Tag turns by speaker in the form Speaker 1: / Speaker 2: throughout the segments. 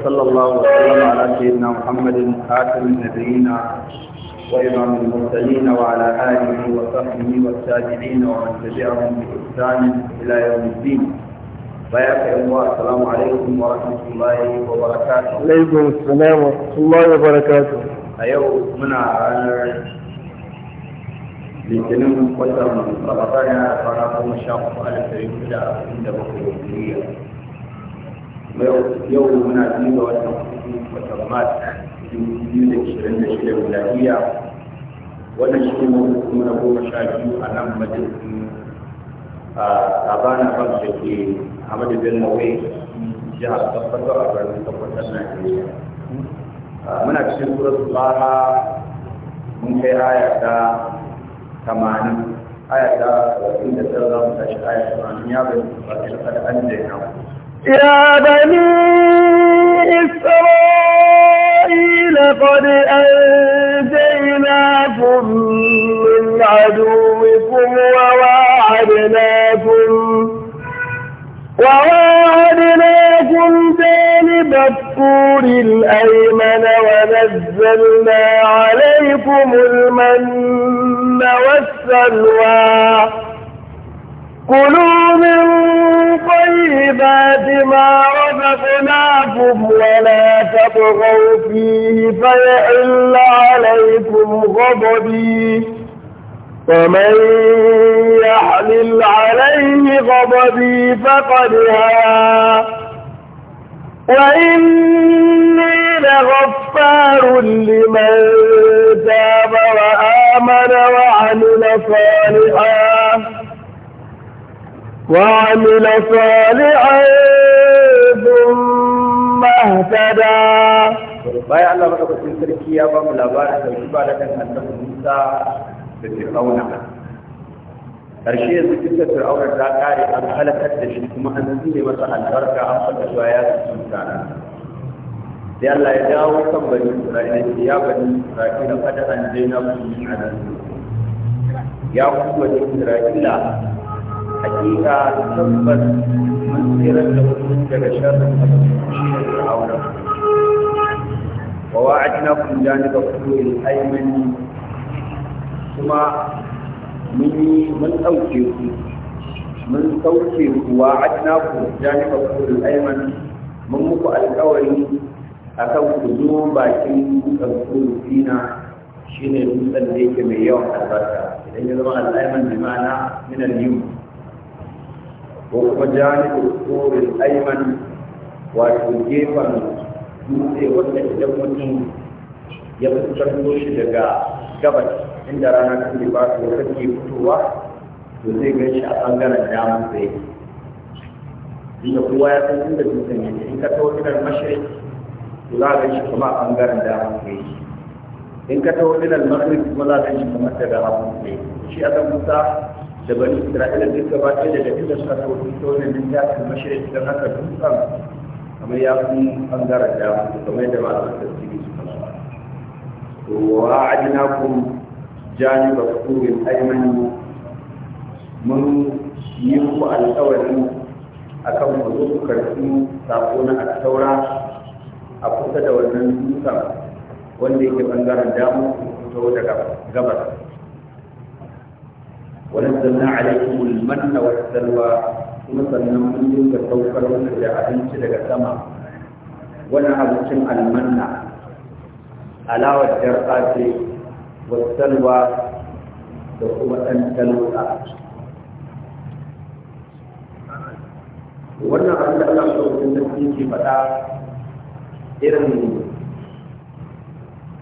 Speaker 1: وصلى الله وسلم على سيدنا محمد خاتم النبيين وإمام المرسلين وعلى آله وصحبه والتابعين ومن تبعهم بإحسان إلى يوم الدين بياك الله السلام عليكم ورحمة الله وبركاته عليكم السلام ورحمة الله وبركاته اليوم منا على kwatar ramadana a fara kuma sha uku alif عند بكر bakwai yau muna biyu ga watan watan mat biyu da ishirin da shida miladiya wannan shi ne kuma na goma sha biyu a nan majalisun sabana bank da ke hamadu bin mawai jihar tabbatar a birnin tabbatar najeriya muna cikin surat baha mun kai aya ta tamanin aya ta wasu da ta za mu tashi aya tamanin ya bai ba ta da an da ku.
Speaker 2: يا بني إسرائيل قد أنجيناكم من عدوكم وواعدناكم وواعدناكم جانب الطور الأيمن ونزلنا عليكم المن والسلوى كلوا من طيبات ما رزقناكم ولا تبغوا فيه فيحل عليكم غضبي ومن يحلل عليه غضبي فقد هوى وإني لغفار لمن تاب وآمن وعمل صالحا وعمل صالحا ثم اهتدى بايع الله مدوكتين سركي يا بام لابارك وشبالك أنه
Speaker 1: موسى بفرعون karshe yanzu kisar fir'aunar ta kare an halakar da shi kuma an zine masa albarka an faɗa cewa ya su mutane ya dawo kan bani Isra'ila ce ya bani Isra'ila ya kuma حقيقة تثبت منصرة لبنوك بشر المسلمين وواعدناكم جانب الطول الأيمن ثم مني من أوكيكم من أوكيكم واعدناكم جانب الطول الأيمن من مقع الكوري أكو تزوم باكين الطول فينا شين المسلمين كم يوم البركة إذن الأيمن بمعنى من اليوم ko kuma janibin korin aiman wato gefen dutse wanda idan mutum ya fuskanto shi daga gabas inda rana ta ke ba su wata ke fitowa to zai gan shi a ɓangaren dama da inda kowa ya san inda dutsen yake in ka taho dinar mashirik to za a gan shi kuma a ɓangaren dama da in ka taho dinar mashirik kuma za a gan shi kuma daga hagu da shi a san musa da bani isra'ila duk gaba ɗaya daga inda suka sauki ta wannan littafin mashirin don haka dukkan. kamar ya fi ɓangaren da kamar yadda masu tasiri suka sa to wa ajinakum janiba kurin aimani mun yi ku alƙawari akan ku zo ku karɓi sako na attaura a kusa da wannan dukkan. wanda yake ɓangaren damu ku fito daga gabas ونزلنا عليكم المن والسلوى ثم سنن من دون التوكل والدعاء انت لك سما وانا ابتم المن على والجرقات والسلوى ثم ان تلوى wannan abin da Allah ya ke faɗa irin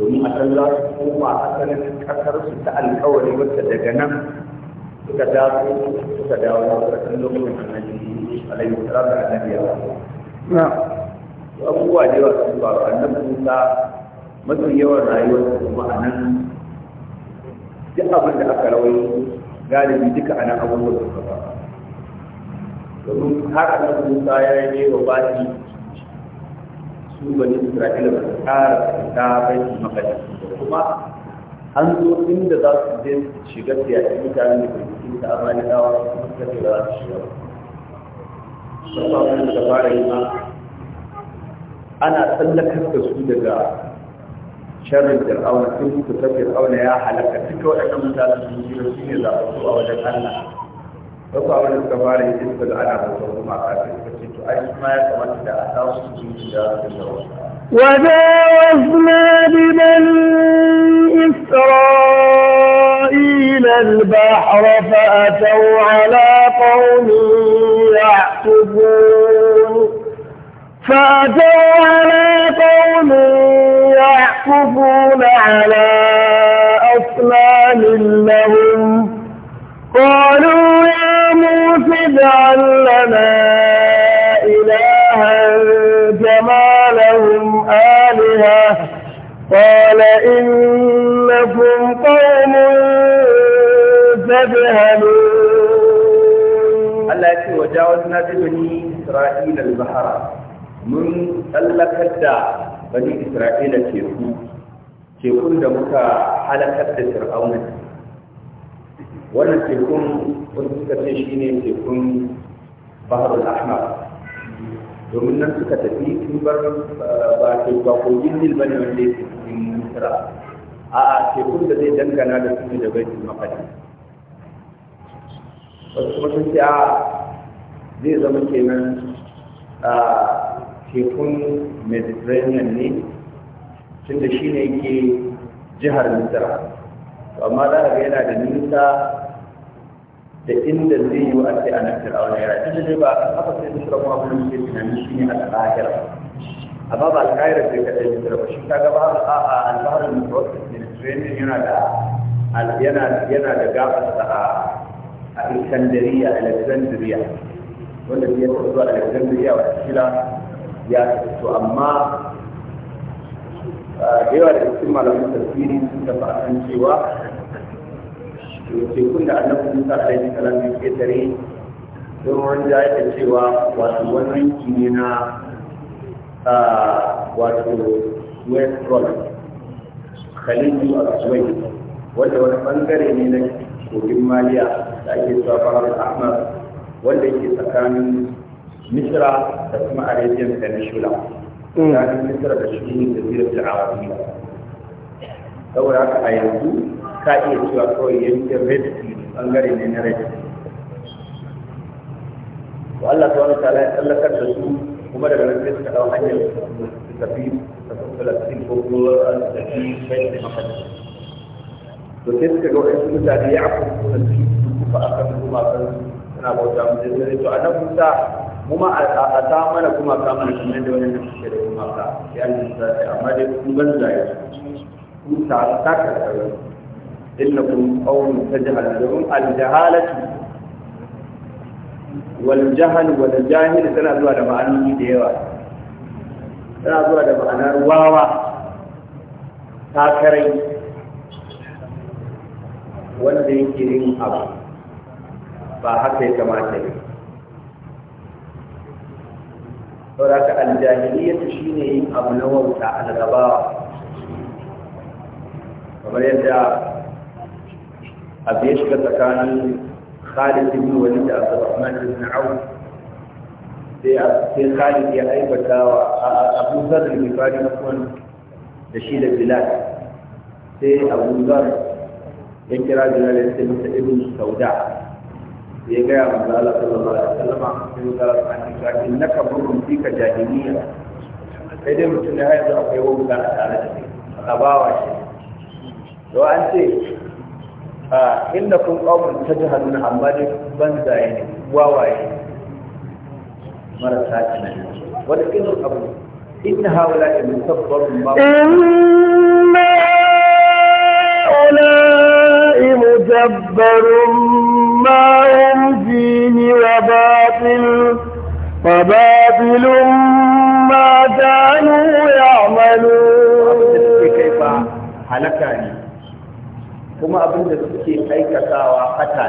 Speaker 1: domin a san za su koma asalin kasar su ta alkawari wacce daga nan suka dawo suka dawo suka kan lokacin annabi alaihi salatu annabi ya na abubuwa da yawa sun faru annabi Musa mafi yawan rayuwar su kuma a nan duk abin da aka rawai galibi duka a nan abubuwan suka ba. domin har annabi Musa ya yi wa baki su bani isra'ila ba su ƙara fita bai kuma an zo inda za su je shiga siyasin mutane da ke ta amani dawa suka ce ba za su shiga ba ba wani fara yi ma ana tsallakar da su daga sharrin fir'auna sun fita fir'auna ya halaka duka waɗannan mutanen sun jira su ne zaɓa su a wajen allah wasu da suka fara yi suka ga ana bautar kuma a kafin
Speaker 2: وجاوزنا بمن إسرائيل البحر فأتوا على قوم يعكفون فأتوا على قوم يعكفون على أصنام لهم قالوا يا موسى اجعل لنا إنكم قوم تذهلون التي وجاوزنا بني
Speaker 1: إسرائيل البحر من ألك حتى بني إسرائيل تيكو تيكو دمك حلقة فرعون وأنا تيكون وأنا شيني تيكون بحر الأحمر ومن نفسك تفيد في بر باقي بقوجين البني من A'a a tekun da zai dangana da su da bai baitul maqdis wasu kuma sun ce a zai zama kenan a tekun mediterranean ne tunda shi ne ke jihar misra amma za ga yana da nisa da inda zai yi wa ake a nan fir'auna yana tunda ba a kafa sai misra kuma abin da tunanin shi ne a tsakiyar amma ba alƙairar sai kaɗai ya tsira ba shi ka gaba a albahar mutuwar mediterranean yana da yana yana da gabas a alexandria alexandria wanda ya tafi zuwa alexandria wata kila ya tafi amma da yawa da cikin malamin tafsiri sun tafi a kan cewa tekun da annabi musa alaihi salam ya ketare don wani ya cewa wato wani yanki ne na wato west roll khalidu a suwai wanda wani bangare ne na kogin maliya da ake zuwa farar ahmad wanda yake tsakanin misra da kuma arabian peninsula tsakanin misra da shi da zirar arabiya saboda haka a yanzu ka iya cewa kawai yankin red sea bangare ne na red sea Allah ta wani tala ya tsallakar da su kuma daga nan sai suka dawo hanyar tafi tafi Falastin ko kuma su tafi bai da makaɗi to sai suka ga wasu mutane ya afu suna su ba a kan kan suna bauta mu sai sai to a nan kusa mu ma a ta mana gumaka mana kuma da wani nan suke da ka ya an sa amma dai da ya ku ta ta karkaro innakum qawmun tajhalun al wal jahal wal jahil tana zuwa da ma'anoni da yawa tana zuwa da ma'anar wawa takarai wanda yake yin abu ba haka ya kamata ne sauraka aljahiliyatu shine yin abu na wauta algabawa kamar yadda abu ya shiga tsakanin Khalid ibn Walid da Abdurrahman ibn Auf sai Khalid ya aibata wa Abu Zar al-Ghifari mutum da shi da Bilal sai Abu Zar ya kira Bilal ya ce masa ibn Sauda ya gaya wa Allah sallallahu alaihi wasallam sai ya Bilal ya ce innaka burun fika jahiliya sai dai mutum ya yanzu akwai wauta a tare da kai a bawa shi to an ce a inda kun ƙaunar ta jihalun amma dai banzaye ne wawaye marasa tunani wani irin abu إن هؤلاء متبر ما
Speaker 2: إن هؤلاء متبر ما هم فيه وباطل وباطل ما كانوا يعملون
Speaker 1: هلكاني kuma abin da suke aikatawa hata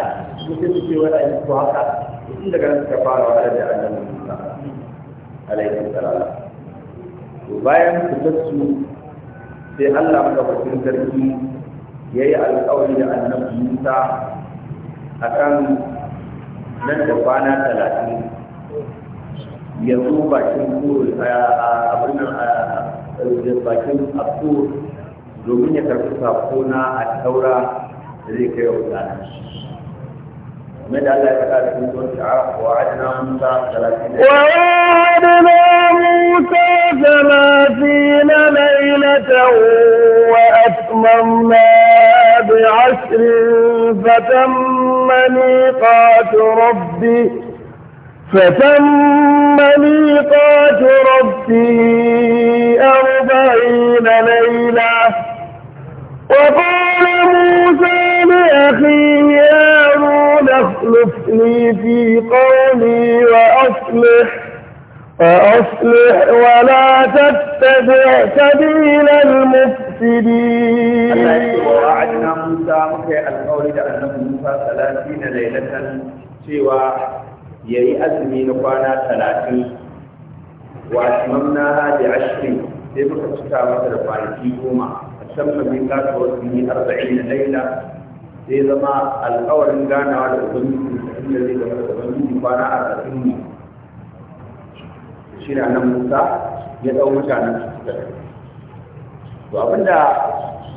Speaker 1: ne su suke wani su haka tun daga nan suka fara wa da annabi Musa alaihi salam to bayan fitarsu sai Allah bakin sarki ya yi alƙawari da annabi Musa akan nan da kwana talatin ya zo bakin kuro a abin nan a bakin abdur domin ya karfi sakona a taura zai kai wa mutane game da Allah ya faɗa da cikin sunan ta'ara wa adna musa talatin wa
Speaker 2: adna musa talatin lailatan wa atmamna بعشر فتم ميقات ربي فتم ميقات ربي أربعين ليلة وقال موسى لأخيه هارون اخلفني في قومي وأصلح وأصلح ولا تتبع سبيل المفسدين وعدنا موسى مكي القول أنه موسى
Speaker 1: ثلاثين ليلة سوى يأي من قانا ثلاثين وأتممناها بعشرين sai muka cika شم ميقات وفيه أربعين ليلة إذا ما الأول كان على الظلم الذي لم يتظلم فانا أربعين شير عن موسى يدعو مكانا وأبدا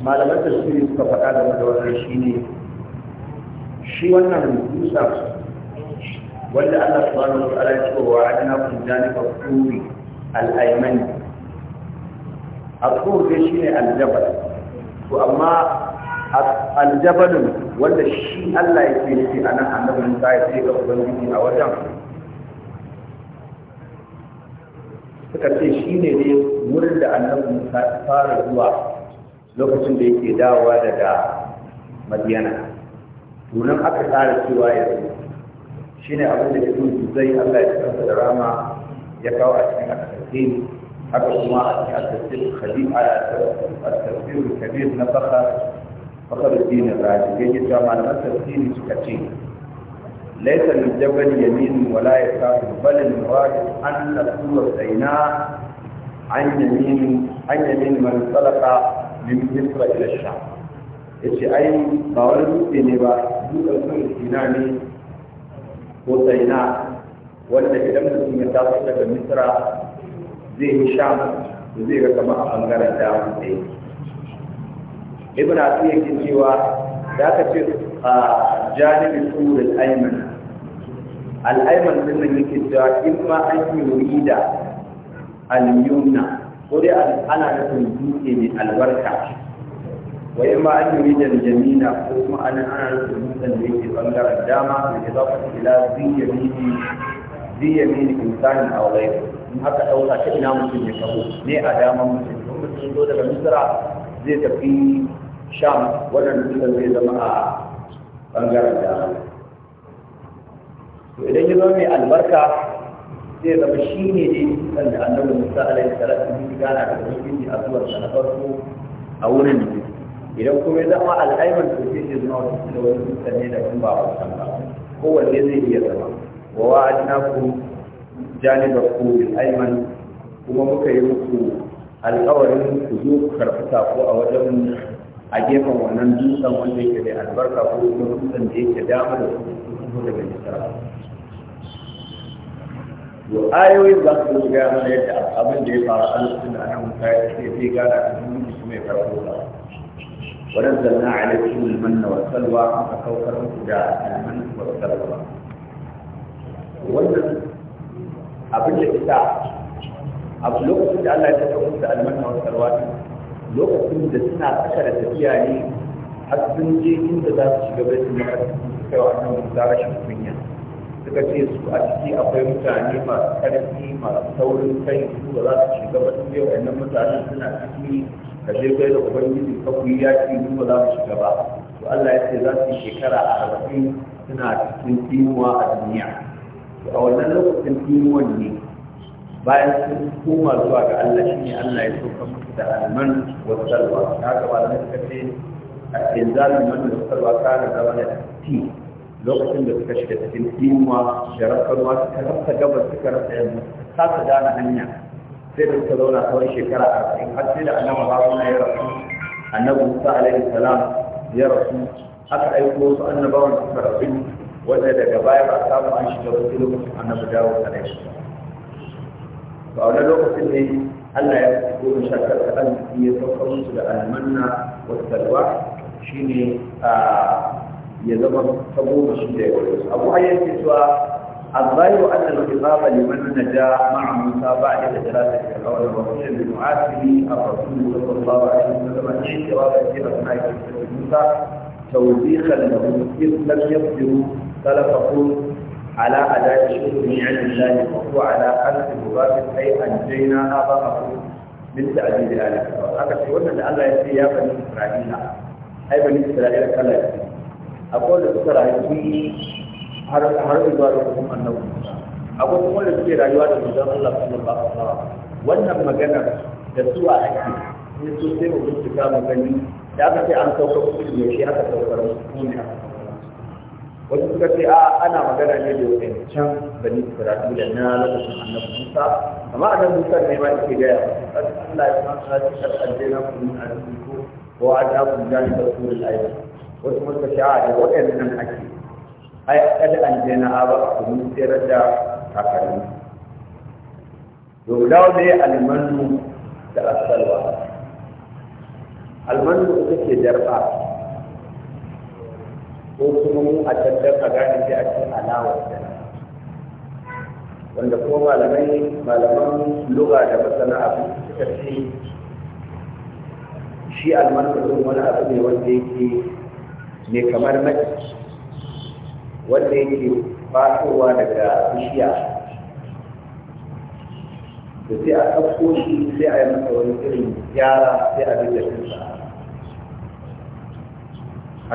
Speaker 1: ما لم تشتري سكفتا لما دورنا شيني شي وانا من موسى ولا الله سبحانه وتعالى يقول وعدنا في جانب الطور الأيمن الطور ده شيء الجبل to amma aljabalin wanda shi Allah yake nufi a nan annabi Musa ya ce ga Ubangiji a wajen suka ce shi ne ne wurin da annabi Musa ta fara zuwa lokacin da yake dawowa daga Madiyana tunan aka tsara cewa ya zo shi ne abin da ya zai Allah ya kasa da rama ya kawo a cikin akasarke حتى ما التفسير الخليل على التفسير الكبير نفخ فخر الدين الراجل يجي جامع التفسير سكتين ليس من جبل يمين ولا يسار بل المراد ان تكون سيناء عن يمين عن يمين من انطلق من مصر الى الشام yace أي ba wani dutse ne ba وسيناء ولكن لم تكن ko مصر zai yi sham da zai ga kama a bangaren damu da yake ibn asu yake cewa da aka ce a janibi turul aiman al'aiman din nan yake cewa in ma an yi wurida al-yumna ko dai ana nufin dutse mai albarka wa in ma an yi wurida jamina ko kuma ana nufin dutsen da yake bangaren dama da ya zafa ila zai yamini ذي يمينك إنسان أو غيره من هكا أولا كإنا مسلم يكبوه ني أداما مسلم هم مسلم دودة بمسرع زي تبقي شام ولا نسلم زي زماء بنجر الدارة وإذا جمعني البركة زي ربشيني دي أن أنه المساء عليه الثلاثة مني كان على المسلم دي أطول سنة فرقه أولا نجد إذا كم يزعوا على الأيمن في سيسي زماء وسيسي لو يزعوا سنة لكم بعض هو الذي يزعوا ووعدناكم جانب الطول الأيمن kuma muka yi muku alkawarin ku zo ku karfi ko a wajen a gefen wannan dutsen wanda yake da albarka ko kuma dutsen da yake dama da kuma daga nisar to ayoyin za su zo gaya mana yadda abin da ya faru a lokacin da ana musa ya ce zai gana a cikin mutu kuma ya karfi ba wadannan zanna a laifin manna wa salwa aka kawar muku da alman wa salwa wannan abin da ita a lokacin da Allah ya saka musu da almanna wasu salwatu lokacin da suna tsaka da tafiya ne har sun je inda za su shiga bai sun maka suka yi wa annan zara rashin kunya suka ce su a ciki akwai mutane masu ƙarfi masu saurin kai su ba za su shiga ba sun yau wa'annan mutanen suna ciki ka je kai da ubangiji ka ku yi yaƙi su ba za su shiga ba to Allah ya ce za su yi shekara a arba'in suna cikin tsinuwa a duniya a wannan lokacin imuwan ne bayan sun koma zuwa ga Allah shi ne Allah ya soka musu da alman wasarwa ta haka ba da suka ce a inzalin man wasarwa ta da zama da ti lokacin da suka shiga cikin imuwa da rasarwa suka rasa gabas suka rasa yanzu. ta ta gane hanya sai da suka zauna tsawon shekara arba'in har sai da annabi haruna ya rasu annabi musa alaihi salam ya rasu aka aiko wasu annabawan suka rasu wanda daga baya ba samu an shiga wasu lokacin annabi dawo a rai to a wani lokacin ne Allah ya fi goma sha tara da arziki ya sauka musu da almanna wasu salwa shine a ya zama ta goma shi da yawa abu ayyar ke cewa الظاهر أن الخطاب لمن نجا مع موسى بعد ثلاثة الأول وقيل بمعاتبه الرسول صلى الله عليه وسلم اعتراضا في أسماء موسى توبيخا له إذ لم يصبروا قال فقول على أداء شكر عند الله وهو على أنف مباشر أي أنجينا آباءكم من تعزيز آل فرعون هكذا قلنا أن الله يسير يا بني إسرائيل أي بني إسرائيل كلا يسير أقول إسرائيل في حرب حرب هرب دارهم أنه أقول كل شيء رأيوا الله الله صلى الله عليه وسلم وأن مجنب يسوع أكيد يسوع so sai mu bincika mu gani da aka ce an saukar kuɗi wasu suka ce a ana magana ne da can da bani isra'ila na lokacin annabi musa amma annabi musa ne ba yake gaya ba. kan allah ya san sa ta addina ku a arziki ko ta jani da da ayyuka wasu suka ce a da nan ake ai kad a aba ku mun tsere da kakanni to dawo da almanu da asalwa almanu ita ce jarfa ko kuma mu a tattar a gane sai a ce alawa da wanda kuma malamai malaman lura da masana abu suka ce shi almanazin wani abu ne wanda yake mai kamar maki wanda yake fatowa daga bishiya da sai a ɗauko shi sai a yi masa wani irin gyara sai a dinga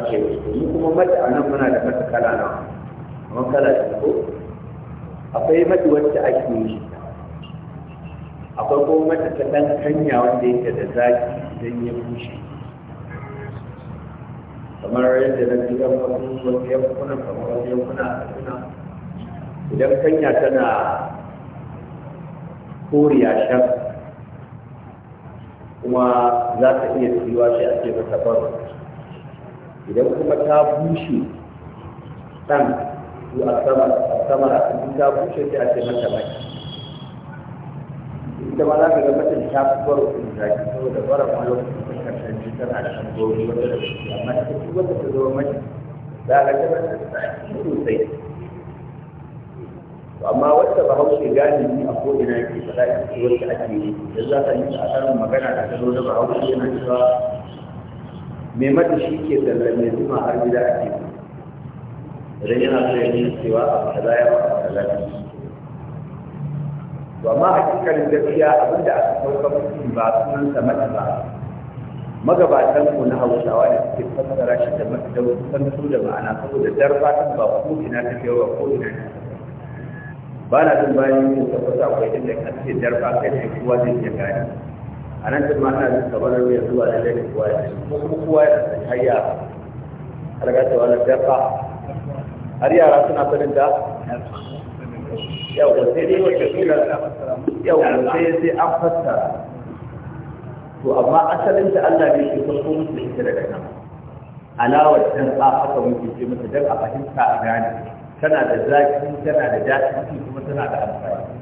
Speaker 1: ake yi wasu kuma mata a nan muna da mata kala na amma kala da ko akwai mata wacce ake yi akwai kuma mata ta dan kanya wanda yake da zaki idan ya bushe kamar yadda na ji yan wasu wasu yankuna kamar wasu yankuna a kaduna idan kanya tana koriya shan kuma za ta iya tsiwa shi ake masa mata idan kuma ta bushe ɗan ko a sama a sama in ta bushe ta ce mata baki ita ma za ka ga mata ta fi baro da zaki saboda bara ma lokacin da karshen ji tana da hanzori wata da shi amma ita duk wata ta zama ba za ka ga mata ta sosai amma wata ba gani galibi a ko'ina yake faɗa ita wacce ake yi yanzu za ka yi a karin magana da zo da ba hausa yana cewa mai mata shi ke sallame zuma har gida ake idan yana so ya yi cewa a kaza ya fara sallame to amma a cikin gaskiya abinda aka sauka mutum ba sunan sa mata ba magabatan ku na hausawa da suke fassara shi da mata da wasu san su da ma'ana saboda fatan ba ko ina ta kai wa ko ina ta ba na jin bayan yin tabbata akwai inda kan ce dar fatan ne kowa zai iya gani a nan din ma ana jin kamar ruwa zuwa da lalle kowa ya sani ko kuma kowa ya sani har yara har ga cewa dafa har yara suna sanin da yau da sai dai wata kila yau da sai sai an fassara to amma asalin da Allah ne ke farko musu ita daga nan alawar dan a haka muke ce mata dan a fahimta a gane tana da zaki tana da daɗi kuma tana da amfani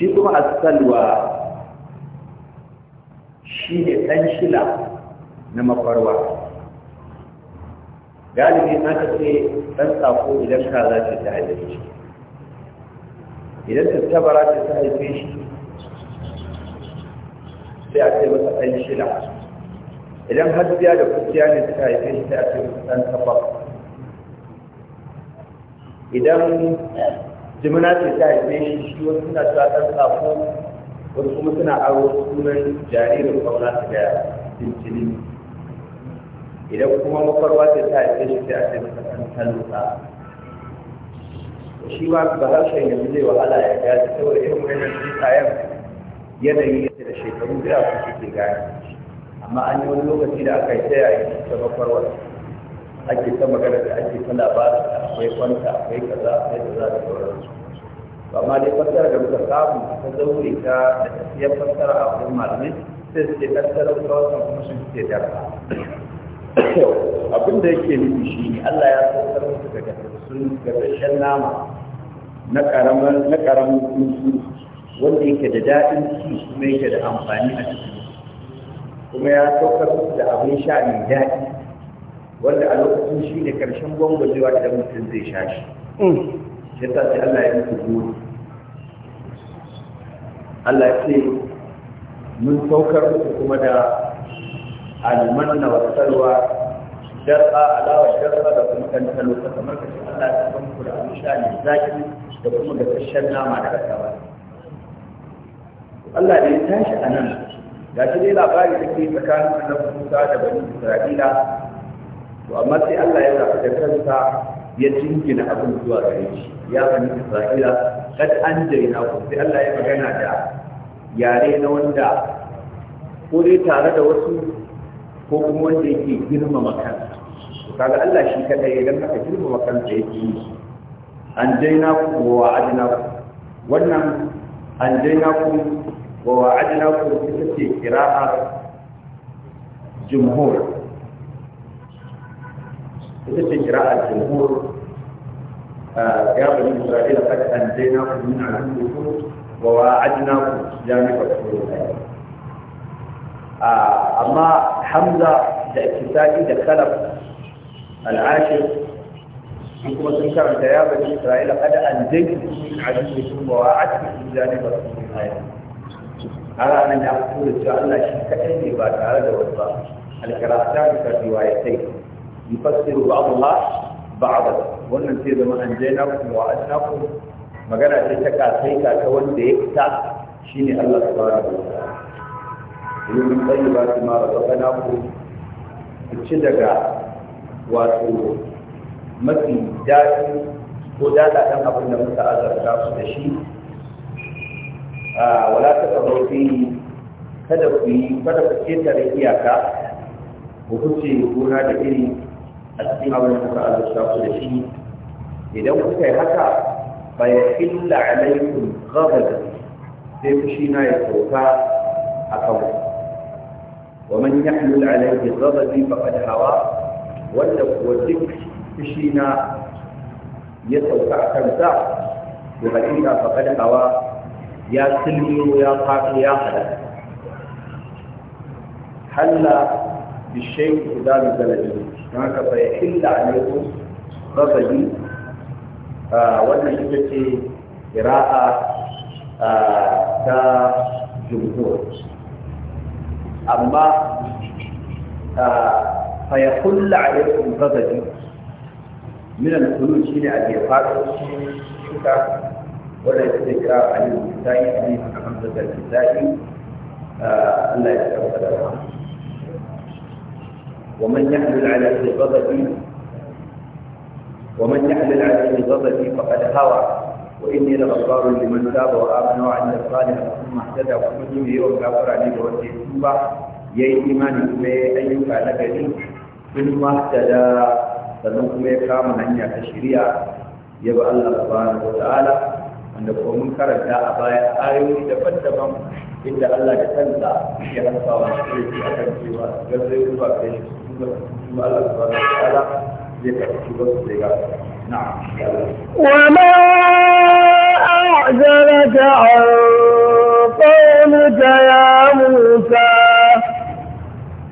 Speaker 1: shi kuma salwa shi ne ɗan shila na makwarwa galibi na ka ce ɗan tsako idan ka za ce ta haife shi idan ta tabara ta ta haife shi sai a ce masa ɗan shila idan hajjiya da kuciya ne ta haife shi sai a ce masa ɗan tabar idan jimina ce ta yi shi shi wasu suna cewa ɗan safo wasu kuma suna aro sunan jaririn kwauna su ga cincini idan kuma makwarwa ce ta haife shi sai a ce masa ɗan talusa shi ma ba harshen yanzu zai wahala ya gaji saboda irin wannan tsayen yanayi yadda da shekaru da yawa suke gane amma an yi wani lokaci da aka yi ta yayi ta makwarwa ake ta magana da ake ta labarin akwai kwanta akwai kaza akwai kaza da sauransu amma dai fassara da muka samu ta zaure ta da tafiyar fassara a wurin malami sai suke tattara ta wasan kuma sun suke da abin da yake nufi shi ne Allah ya sassar musu daga sun gasashen nama na karamin na karamin kunsu wanda yake da daɗin ci kuma yake da amfani a cikin kuma ya saukar musu da abin sha mai daɗi wanda a lokacin shi ne karshen gwangwajewa da mutum zai sha shi shi ta ce Allah ya muku gori Allah ya ce mun saukar muku kuma da almanna wa salwa a alawa dar'a da kuma kan talota kamar ka ce Allah ya san ku da amsha ne zaki da kuma da kashin nama daga gaba Allah ne ya tashi a nan ga shi dai labari da ke tsakanin annabi Musa da bani Isra'ila to amma sai Allah ya zafi da kansa ya jingina abin zuwa gare shi ya bani Isra'ila kad an jaina ku sai Allah ya magana da yare na wanda ko dai tare da wasu ko kuma wanda yake girmama kansa to kaga Allah shi kadai idan haka girmama kansa yake yi an na ku wa adina ku wannan an na ku wa wa'adna ku ita ce kira'ar jumhur ita ce kira'ar يا بني إسرائيل قد أنجيناكم من عدوكم وواعدناكم جانب الطور آه، أما حمزة الاكتساكي دخلف العاشر يقول تنكر يا بني إسرائيل قد أنزلت من عدوكم وواعدتكم جانب الطور هذا أنا أقول إن شاء الله شيء كأني بعد هذا والله القراءتان في الروايتين yufassiru ba'dha ba'dha wannan sai zama an jaina ku wa ku. magana ce ta kasai ka ta wanda ya fita shine Allah subhanahu wa ta'ala ilimin tayyibati ma na ku ci daga wato mafi daɗi ko daɗa ɗan abin da muka azarta su da shi a wala ta kaba kada ku yi kada ku ketare iyaka ku huce gona da iri a cikin abin da kuka azurta su da shi idan kuka yi haka fa ya illa alaikum ghadab sai fushi na ya sauka a kan wa man yahlul alaihi ghadabi faqad hawa wanda kuwa duk fushi na ya sauka a kansa to hakika faqad hawa ya silmiyo ya faɗi ya halaka halla bishayi da zalalabi don haka bai hilla alaikum rabbi ah, wannan ita ce qira'a ah, ta jumhur amma ah, fa a alaikum rabbi Minan al shi ne a ke faɗo suka wanda ya ce kira Ali Musayi a Hamza al Allah ya da rahama ومن يحمل عليه غضبي ومن يحمل عليه غضبي فقد هوى واني لغفار لمن تاب وامن وعمل صالحا ثم اهتدى وكل به وكافر عليه وجه توبه yayi imani kuma ya ayyuka na gari in da sannan kuma ya kama hanya ta shari'a ya ba Allah subhanahu wa ta'ala wanda kuma mun karanta a baya ayoyi daban-daban inda Allah da kansa ya rasa wa shi akan cewa garzai zuwa kai
Speaker 2: وما أعجلك عن قومك يا موسى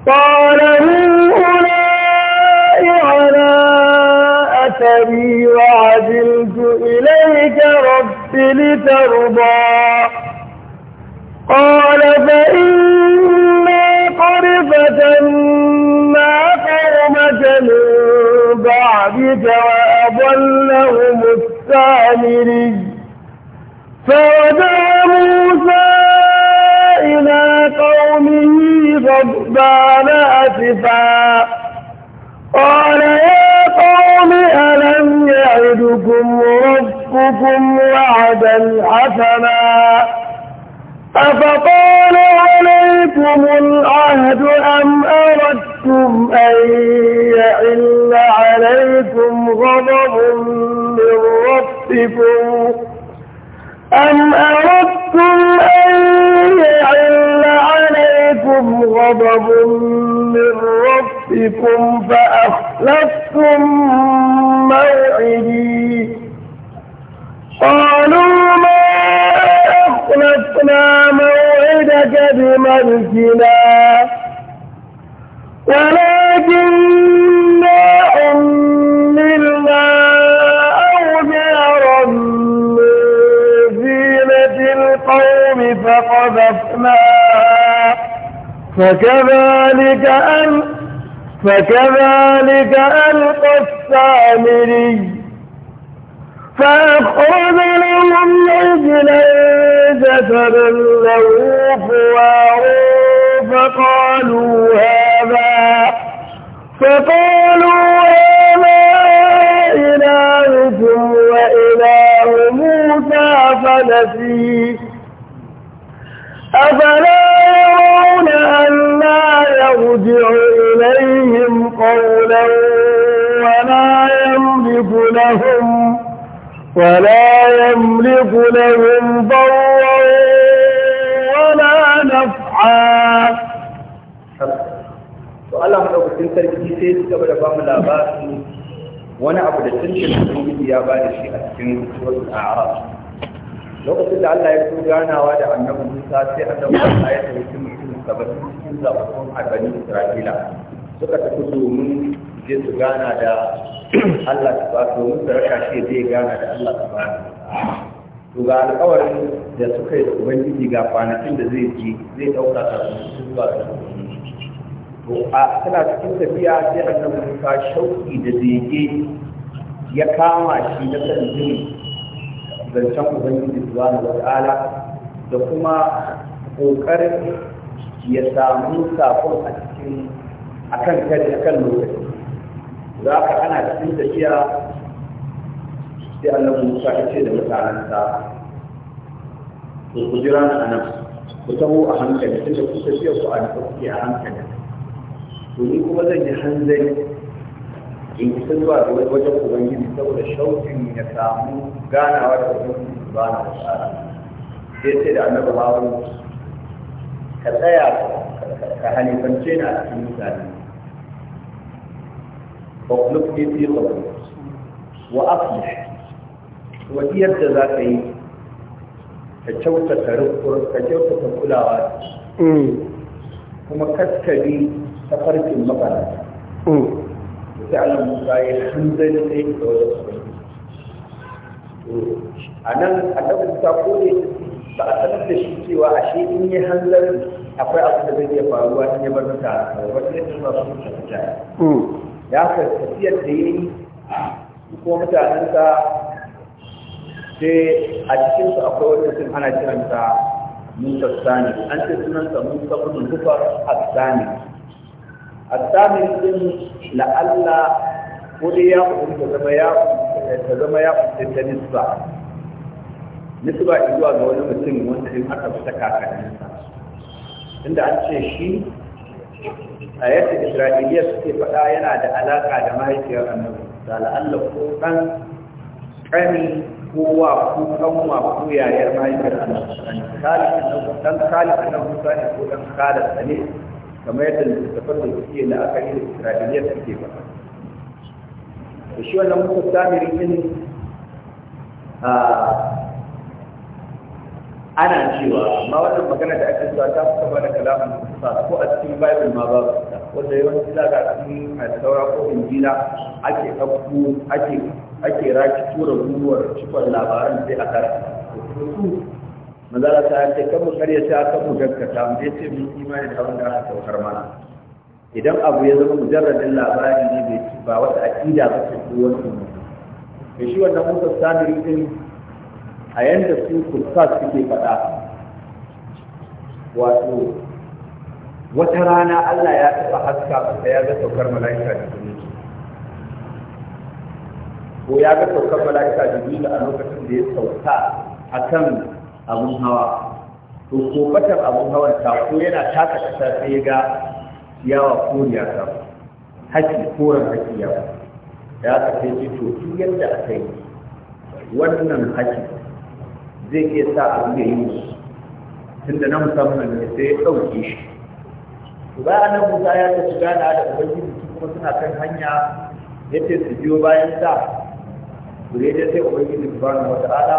Speaker 2: قال من هنا على أثري وعجلت إليك رب لترضى قال فإني قرفة من بعدك وأضلهم السامري فودع موسى إلى قومه غضبان أسفا قال يا قوم ألم يعدكم ربكم وعدا حسنا أفطال عليكم العهد أم أردتم أن يعل عليكم غضب من ربكم أم أردتم أن عليكم غضب من ربكم فأخلفتم موعدين وأحققنا موعدك بملكنا ولكننا أملنا أوجارا من زينة القوم فقذفنا فكذلك أن فكذلك ألقى السامري فأخرج لهم عجلا جسدا له فقالوا هذا فقالوا هذا إلهكم وإله موسى فنسي أفلا يرون أن لا يرجع إليهم قولا ولا يملك لهم ولا يملك لهم ضرا ولا نفعا to Allah madaukakin sarki sai ya gaba da ba mu labarin
Speaker 1: wani abu da tun da Ubangiji ya ba da shi a cikin suratul A'raf lokacin da Allah ya so ganawa da Annabi Musa sai Annabi Musa ya tafi mutum sabatin cikin zabatun a Bani Isra'ila suka tafi domin je su gana da Allah ta ba su mun raka shi zai gana da Allah ta ba su su ga alƙawarin da suka yi da ubangiji ga kwanakin da zai ji zai ɗauka ta su ba su to a suna cikin tafiya sai annabi Musa shauki da zege ya kama shi na kan jini zancen ubangiji subhanahu wataala da kuma ƙoƙarin ya samu sakon a cikin akan kan lokaci za ka ana cikin tafiya sai Allah Musa ya ce da mutanensa to ku jira na nan? ku taho a hankali tunda ku tafiya ku a nufi a hankali to ni kuma zan yi hanzari in kusa zuwa da wajen ubangiji saboda shautin ya samu ganawa da ubangiji ba na tsara sai ce da annabawa ka tsaya ka halifance na cikin mutane واخلقني في قبري واصلح wadiyar da za ka yi ka kyautata rukur ka kyautata kulawa kuma kaskari ta farkin mabarata sai Allah Musa ya hanzari sai da wajen a nan a tabbata ta kone ba a sanar da shi cewa a shi in yi hanzari akwai abu da zai iya faruwa in ya bar mutane wata yadda za su ta fita ya ka tafiyar da yi ko mutanensa sai a cikinsu akwai wani mutum ana kiransa musa sani an ce sunansa musa gudun kufar A asani din la'alla ko dai ya kuɗi ta zama ya ta zama ya kuɗi ta nisba nisba zuwa ga wani mutum wanda in aka fita kakanninsa inda an ce shi a yadda isra'iliya suke faɗa yana da alaƙa da mahaifiyar annabi da la'allar ko ɗan ƙani ko wa ko wa ko yayar mahaifiyar annabi ɗan kalin na musa ne ko ɗan kalin ne kamar yadda littattafan da suke yi da isra'iliya suke faɗa da shi wannan musa samirin a ah, ana cewa amma wannan magana da ake cewa ta fuka bada kalamin sa ko a cikin bible ma ba wanda yawanci za ga cikin saura ko injila ake ɗauko ake ake raki tura guguwar cikon labaran sai a karanta manzala ta ce kan mu karya ta kan mu ta, mu ce mun imani da abin da aka saukar mana idan abu ya zama mujarradin labari ne bai ba wata aqida ba ce ko wani to shi wannan musa sabiri din a yanda su kursas suke faɗa wato wata rana Allah ya taɓa haska da ya ga saukar mala'ika da jibril ko ya ga saukar mala'ika da jibril a lokacin da ya sauka a kan abun hawa to ko fatar abun hawan ta ko yana taka kasa sai ya ga yawa koriya ta haki koren haki yawa ya ka sai ce to yadda aka yi wannan haki zai iya sa a rike yi musu tunda na musamman ne sai ya ɗauke shi ba a nan musa ya tafi gana da ubangiji su kuma suna kan hanya ya ce su biyo bayan sa gure da sai ubangiji subhanahu wata'ala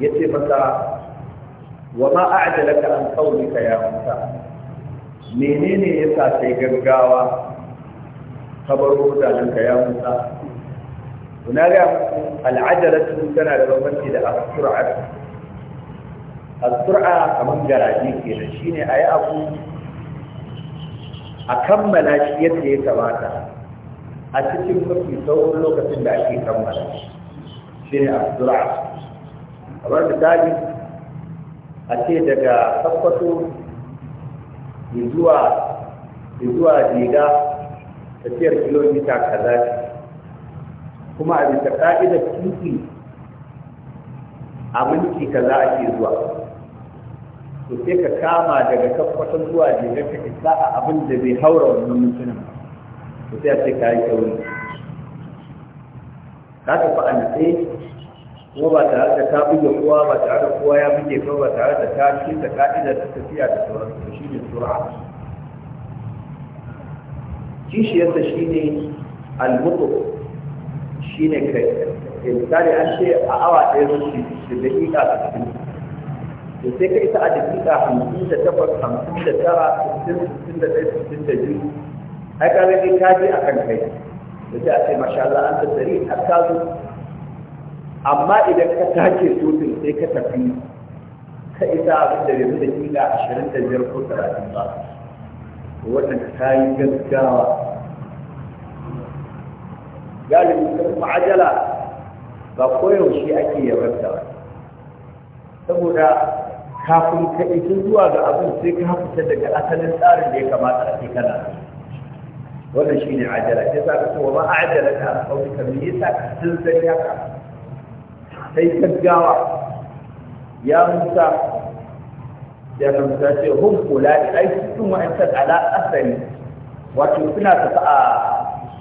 Speaker 1: ya ce masa wa ma ka an ka ya musa menene ya sa sai gaggawa ka baro ka ya musa Kuna ga al'ajalatu tana da bambanci da as-sur'a as-sur'a kaman garaje kenan shine ayi abu a kammala shi yadda ya kamata a cikin mafi sauran lokacin da ake kammala shi shine as-sur'a kamar misali a ce daga tabbato zuwa zuwa diga tafiyar kilomita kaza kuma a bisa ka'idar titi a mulki ka za a ke zuwa to sai ka kama daga kafasan zuwa jirgin ka ka sa a abin da bai haura wannan mintunan to sai a ce ka yi sauri ka ta fa an sai ko ba tare da ta buge kowa ba tare da kowa ya buge ko ba tare da ta shi da ka'idar ta tafiya da sauran su shi ne sura kishiyarsa shi ne al-mutu shi ne kai da eh, misali an ce a awa ɗaya rufi da daƙiƙa a cikin da sai ka ita a daƙiƙa hamsin da takwas hamsin da tara sittin sittin da ɗaya sittin da biyu ai ka rage kaji a kan kai da sai a ce masha Allah an tattari har ka zo amma idan ka take sosin sai ka tafi ka isa abin da yanzu da kila ashirin da biyar ko talatin ba wannan ta yi gaggawa galibi ta ajala ba koyaushe ake yabarta ba saboda kafin ka isa zuwa ga abin sai ka fita daga asalin tsarin da ya kamata a cikin kana wannan shine ajala ya sa ka ce wa ma ajala ta kawai ka me sa ka tunzari haka sai gaggawa ya musa ya rubuta ce da aiki sun wa'ancan ala asali wato suna tafi a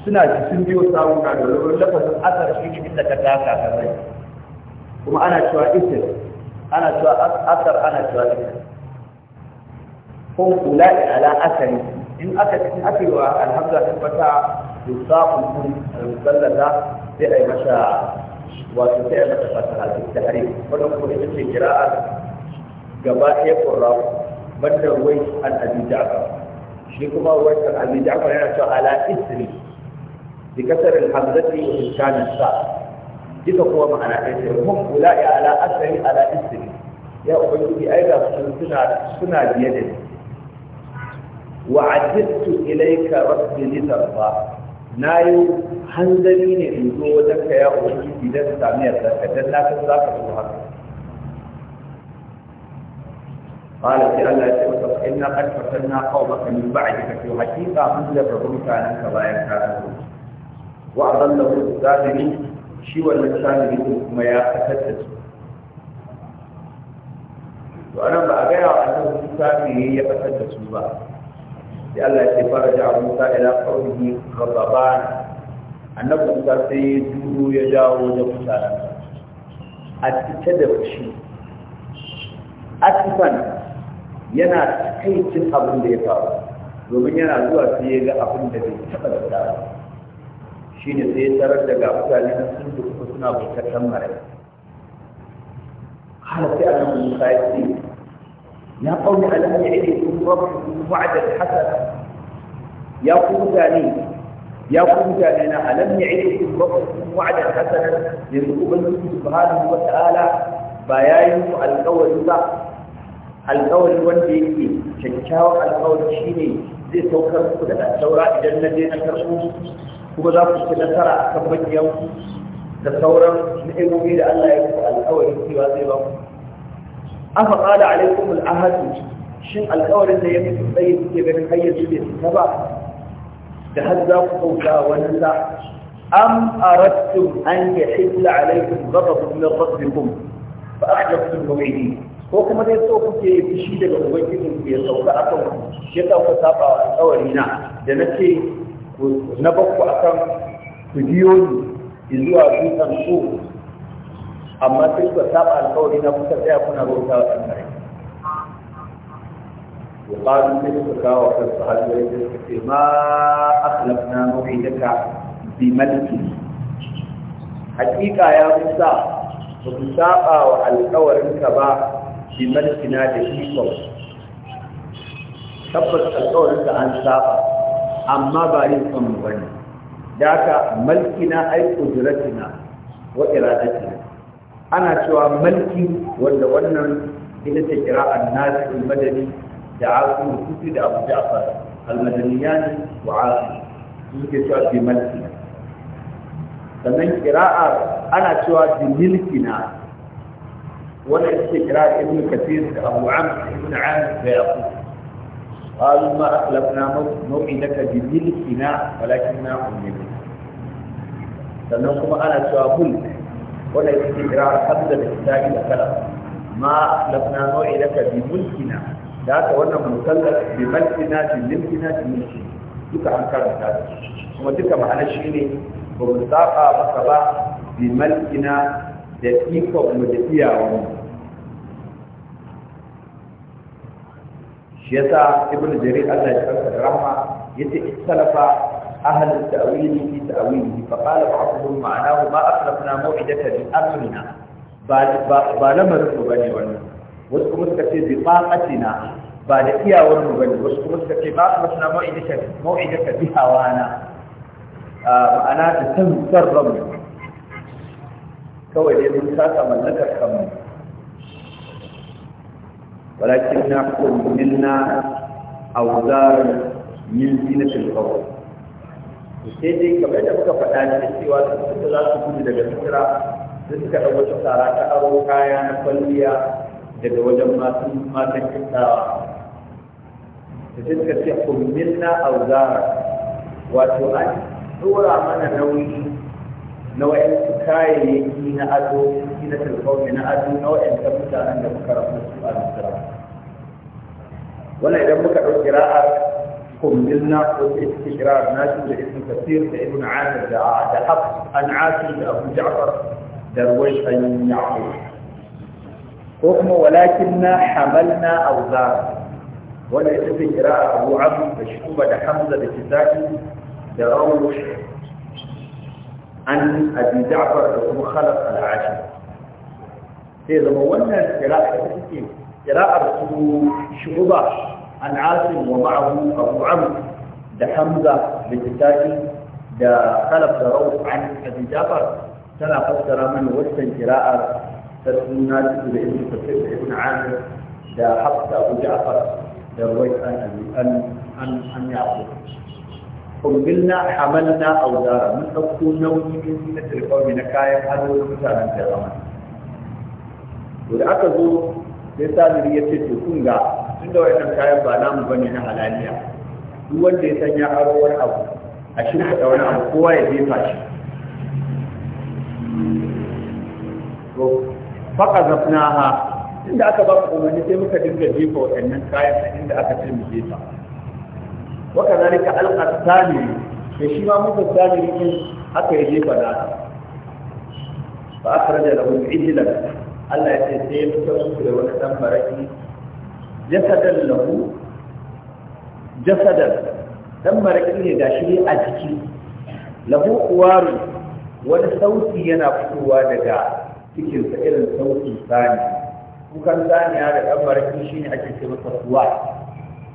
Speaker 1: suna ji sun biyo da lokacin da ka lafazin asar shi ne inda ka taka ka rai kuma ana cewa isir ana cewa asar ana cewa isir kun kula da ala asari in aka in aka yi wa alhamza tabbata yusaqul kun al sai ai masa wato sai ai masa fasaha da tahrim wannan kuma ita ce jira'a gaba ɗaya qurra'u banda wai al-abi ja'far shi kuma wai al-abi ja'far yana cewa ala isri بكسر الحمزة وإنشان الساء جدا هو معنى أجل هم أولاء على أسر على إسر يا أبيتي أيضا سنا سنا بيدك وعجبت إليك ربي لترضى نايو حنزلين إنزو ودك يا أبيتي لن تعمير لك لن تنزاك الله قال في الله إنا قد فتنا قومك من بعدك في حقيقة من لبرمك أنك بايك هذا wa adallahu zalimi shi wannan zalimi kuma ya fatar da su to anan ba a gaya wa annabi Musa ne ya fatar da su ba sai Allah ya ce faraja Musa ila qaumihi ghadaban annabi Musa sai duro ya dawo da mutanen a cike da fushi atifan yana cikin abin da ya faru domin yana zuwa sai ya ga abin da bai taɓa da shi ne sai tarar da ga mutane sun da kuma suna bukatan mara kala sai annabi musa ya ce ya qauli alam ya'idukum rabbukum wa'dan hasana ya ku mutane ya ku mutane na alam ya ya'idukum wa'ada wa'dan hasana yanzu ubangiji subhanahu wa ta'ala ba ya yi ku alƙawari ba alƙawari wanda yake kyakkyawan alƙawari shine zai saukar ku da taura idan na je na karɓo kuma za ku ci nasara a kan makiyanku da sauran ni'imomi da Allah ya ku alƙawari cewa zai ba ku afa qala alaikum al'ahadu shin alƙawarin da ya fi tsaye suke ganin hayyaci bai ta ba da har za ku kauta wani za am aradtum an ya yahilla alaikum ghadabun min rabbikum fa ahdaftum maw'idi ko kuma dai so kuke fushi daga ubangijin ku ya sauka akan ku shi ya sauka ku saba alƙawari na da nace na bakku akan su biyo ni zuwa dutsen su amma sai ku saba alkawari na kusa daya kuna bauta wa ɗan kare ku ƙaru sai ku kawo kansu hanyoyi da suka ce ma akalaf na nufi daga bi malki hakika ya musa ba ku saba wa ka ba bi malki na da ikon tabbas alkawarinka an saba amma ba yin son mu bane da haka malkina ai kudratina wa iradatina ana cewa malki wanda wannan ita ce kira'an nasu madani da asu kufi da abu ja'far al-madaniyani wa asu suke cewa bi malkina sannan kira'a ana cewa bi milkina wannan ita kira'a kira'ar ibn kathir da abu amr ibn amr da yaqub قالوا ما أخلفنا موعدك بملكنا ولكننا أمنا sannan kuma ana cewa kul wanda ya ce kira hamza da kitabi da kalam ma lafna mau'idaka bi mulkina da haka wannan musallaf bi mulkina bi mulkina bi mulki duka an karanta kuma duka ma'ana shi ne ba mu saba maka ba bi mulkina da ikon mu da iyawan mu shi yasa ibn jarir Allah ya karanta da rahma yace istalafa أهل التأويل في تأويله فقال بعضهم معناه ما أخلفنا موعدك لأمرنا بالما رفضني ونه واسكم استكتب بطاقتنا بعد إيا ونبني واسكم استكتب ما أخلفنا موعدك, موعدك بهوانا أنا تسمى سرم كوي لمن ساسا من لك الخمس ولكننا كملنا أوزار من زينة القبر sai dai kamar da muka faɗa ne cewa da suka za su gudu daga sutura da suka ɗau wata tsara ta aro kaya na kwalliya daga wajen masu matan kintawa da sai suka ce kummilna auzara wato an tsora mana nauyi na wa'yansu kayayyaki na ado gina tilkawai na ado na waɗanda mutanen da muka rasu su a misira wannan idan muka ɗauki ra'ar kumbinna ko ta ita kira'ar nasu da ibn kafir da ibn amir da da hafs an asi da abu ja'far da ruwan an ya'qub ko kuma walakinna hamalna awzar wannan ita ce kira'ar abu abu da shuba da hamza da kisa'i da rawush عن أبي جعفر أبو خلف العاشر إذا ما ولنا القراءة الحديثية قراءة رسول عن عاصم ومعه أبو عمرو ده حمزة بتتاكي ده خلف روح عن أبي جعفر سنة فترة من وسن قراءة تسمونا بإذن تفسير ابن عامر دا حفظ أبو جعفر ده رويت أن أن أن أن يعطيه kumbinna hamalna auzara mun ɗauko nauyi ne na tilkawai na kayan hannu na mutanen fir'auna to da aka zo sai sabiri ya ce tukun ga tun da wa'annan kayan ba namu bane na halaliya duk wanda ya sanya aro wani abu a shirka wani abu kowa ya jefa shi to faka zafna ha inda aka ba ku umarni sai muka dinga jefa waɗannan kayan inda aka ce mu jefa waka zalika al-qastani da shi ma muka tsani rikin aka yi jefa da fa akhraja lahu ijlan Allah ya ce sai ya fitar musu da wani dan baraki. jasadan lahu jasadan dan baraki ne gashi ne a jiki lahu uwaru wani sauti yana fitowa daga cikinsa irin sautin tsani kukan saniya da dan maraki shine ake ce masa uwaru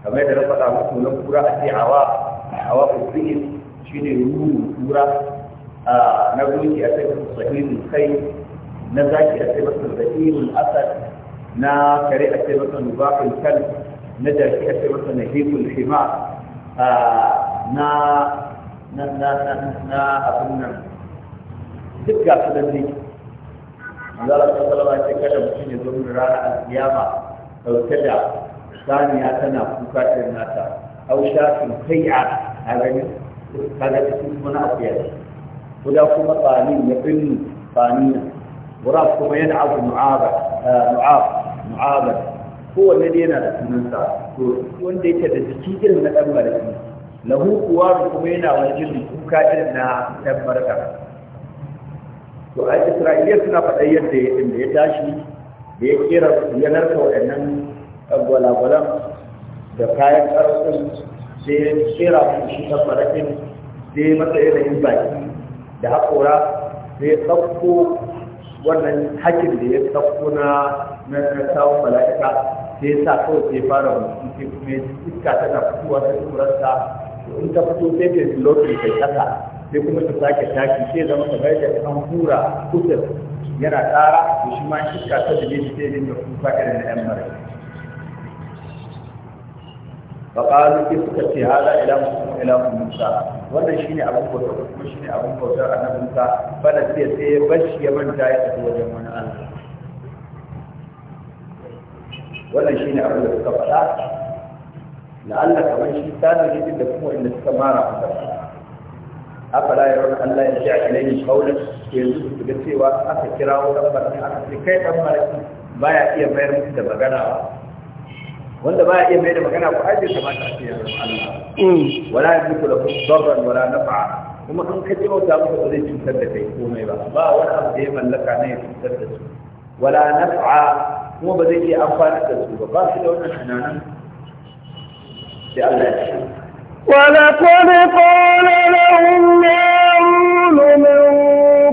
Speaker 1: kamar da na faɗa muku na kura a ce hawa hawa kusurin shi ne ruhun kura na doki a sai masu sahihin kai na zaki a sai masu zahirin asad na kare a sai masu nubafin kan na jaki a sai masu nahibul hima na na na na na abin nan duk ga su da zai Allah ta salama ce kada mutum ya zo rana alkiyama ɗauke da saniya tana kuka irin nata au shafin kai'a a gani kaga cikin kuma na afiyar guda kuma tsanin ya binnu tsanina wura kuma yana abu eh, mu'ab mu'abar kowanne ne yana da sunansa to wanda yake da jiki irin na ɗan mariki lahu kuwa kuma yana wani irin kuka irin na ɗan marka to a isra'iliya suna faɗa yadda ya tashi da ya kera ya narka waɗannan gwalagwalan da kayan karfin da ya tsira su shi ta farafin da ya masa yanayin baki da haƙora da ya ɗauko wannan hakin da ya ɗauko na na mala'ika da ya sa kawai sai fara mutu sai kuma ya iska tana fitowa ta turarsa in ta fito sai ta lokacin kai ƙasa sai kuma ta sake taki sai zama ta bai da kan hura kusur yana tsara da shi ma iska ta da ne sai ya dinga kuka irin na 'yan marayu faƙalu ke suka ce hala ilahun ilahun musa wannan shine abin bautar kuma shine abin bautar annabi musa bana sai sai ya bashi ya manta ya tafi wajen wani allah wannan shine abin da suka faɗa la'alla kamar shi tanu da kuma inda suka mara masa afala ya rauna allah ya ja ilayhi qawlan yanzu su cewa aka kirawo dan aka kai dan baya iya bayar da magana wanda ba ya iya mai da magana ko aje ta ba ta ce ya zama Allah wala ya yamliku da darran wala na fa'a. kuma an ka bauta masa da zai cutar da kai komai ba ba wani abu da ya mallaka na ya cutar da su wala na fa'a. kuma ba zai iya amfani da su ba ba su da wannan tunanin sai Allah ya
Speaker 2: ce ولقد قال لهم هارون من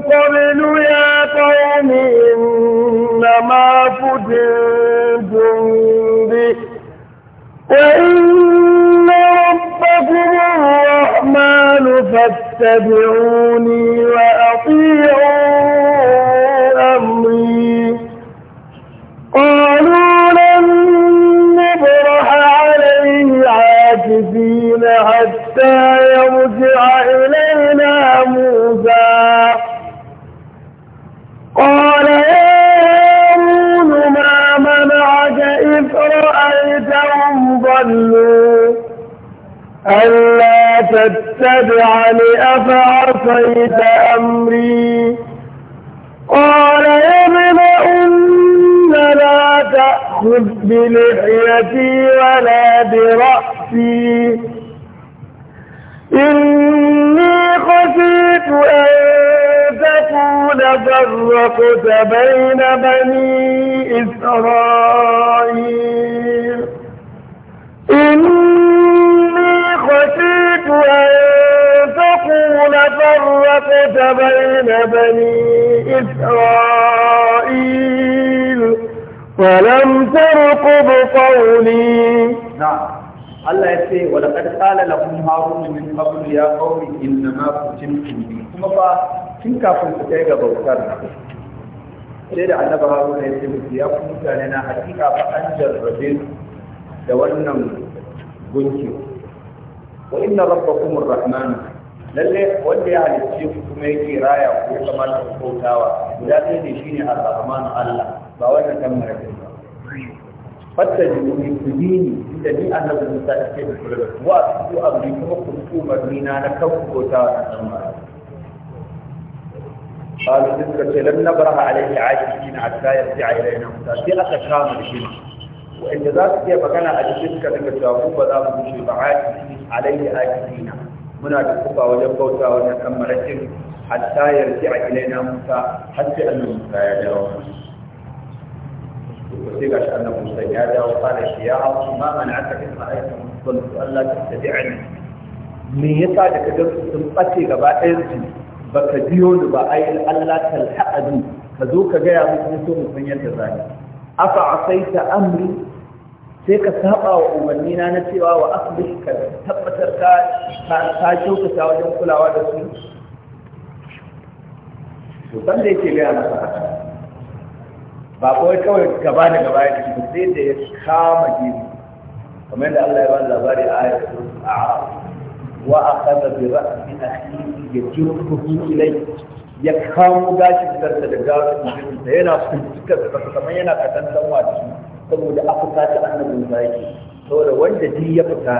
Speaker 2: قبل يا قوم إنما فتن وإن ربكم الرحمن فاتبعوني وأطيعوا أمري قالوا لن نبرح عليه عاكفين حتى يرجع ضلوا ألا تتبعني أفعصيت أمري قال يا ابن أم لا تأخذ بلحيتي ولا برأسي إني خشيت أن تكون فرقت بين بني إسرائيل إني خشيت أن تقول فرقت بين بني إسرائيل ولم ترقب قولي Allah ya ce
Speaker 1: wa laqad qala kuma harun min qabl ya qawmi innama kuntum kuma fa tun kafin ku kai ga bautar sai da annabi harun ya ce musu ya ku mutane na hakika fa an jarrabe da wannan gunki wa inna rabbakum arrahman lalle wanda ya halicce ku kuma yake raya ko kamata ku kautawa guda ɗaya ne shine arrahman Allah ba wannan kan marabi ba fattajuni ku dini inda ni annabi Musa yake da kullu wa ku abdi kuma ku umarni na na kan ku kautawa na kan marabi قالوا تلك لم نبرح عليه عاكفين حتى يرجع الينا موسى في اكثر من wanda za su iya magana a cikin suka daga cewa ba za mu gushe ba alayhi akidina muna da kufa wajen bauta wajen kan marakin hatta yarji a na musa har sai annabi musa ya dawo to sai gashi annabi musa ya dawo kana shi ya hau ma mana aka kai ma'aikata musulun su Allah ta tabi'ani me ya sa da ka gamsu sun ɓace gaba ɗayan su baka biyo ni ba ayin Allah talhaqani ka zo ka gaya musu so mu san yadda zai afa asaita amri sai ka saba wa umarni na na cewa wa asibiti ka tabbatar ka ta kyautata wajen kulawa da su to san da yake gaya masa haka ba kawai kawai gaba da gaba ya tafi sai da ya kama gini kamar yadda Allah ya ba labari a ayar a wa aqada bi ra'si jirgin yajruhu ilayhi ya kamo gashin sarsa da gawar da yana fiskar da kamar yana katantanwa da shi saboda a ta annabi Musa yake saboda wanda duk ya fita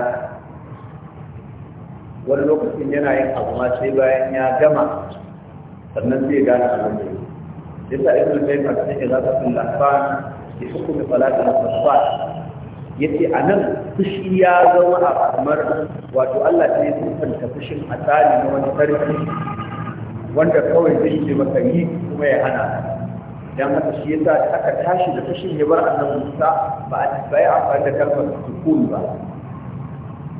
Speaker 1: wani lokacin yana yin abu ma sai bayan ya gama sannan zai gane abin da yake yasa ibn qayyim a cikin izafatul lahfan ya hukumi salatul asfar yace anan fushi ya zama a kamar wato Allah ta yi tsanta fushin a tsari na wani sarki wanda kawai zai yi maka yi kuma ya hana dan haka shi yasa da aka tashi da tashin hebar annabi Musa ba a bai amfani da kalmar sukun ba